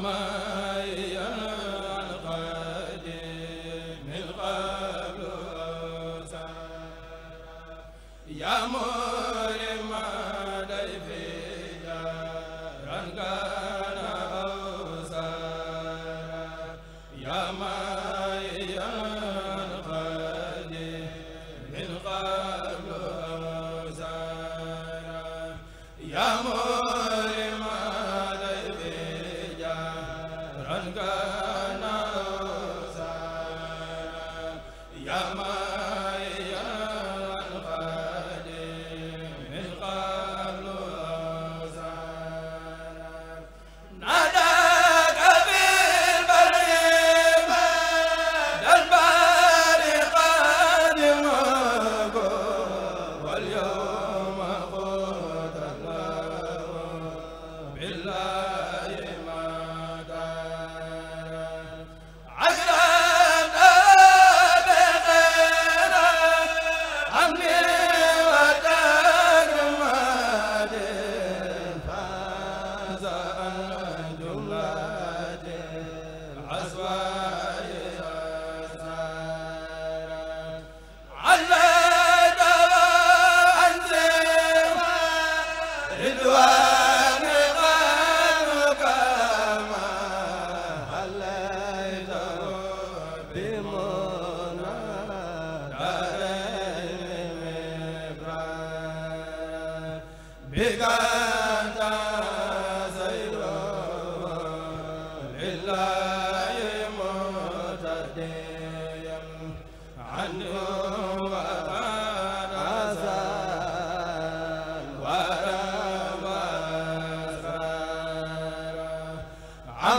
man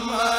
Muhammad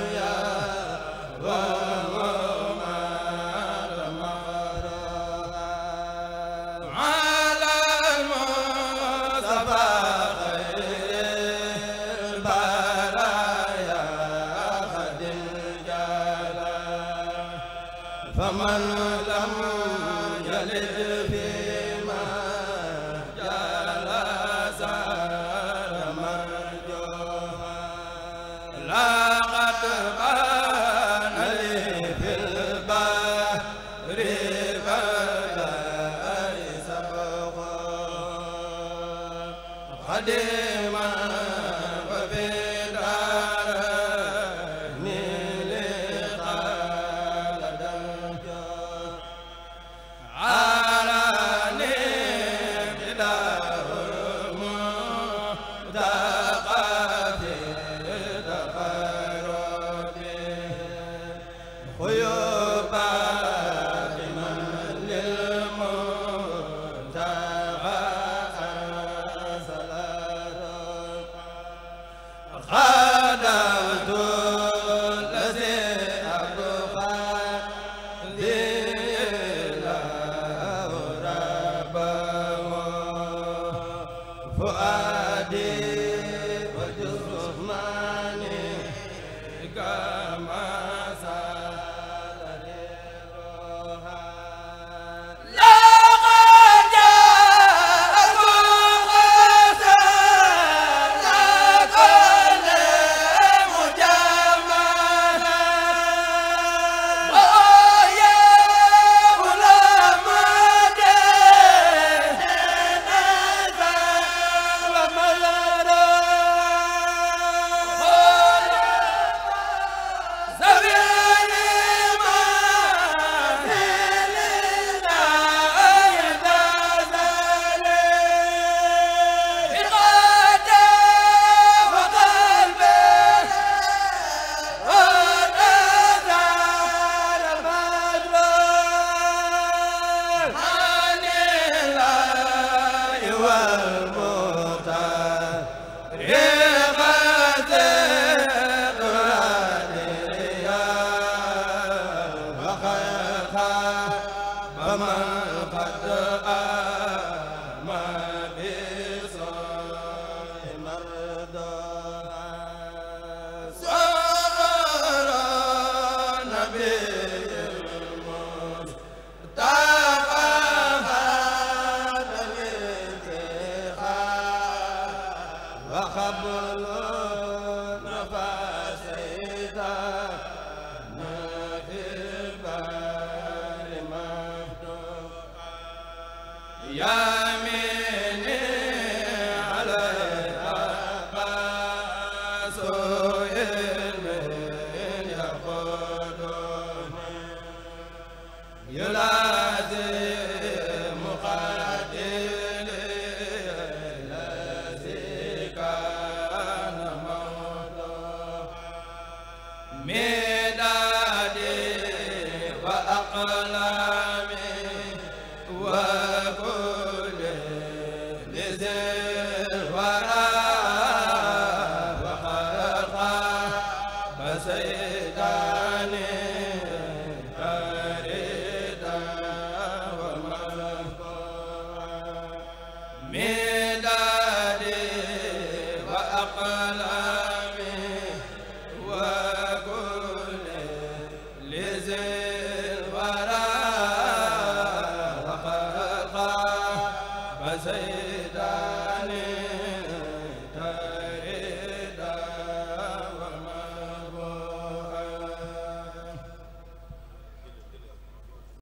wa mi daade wa aqala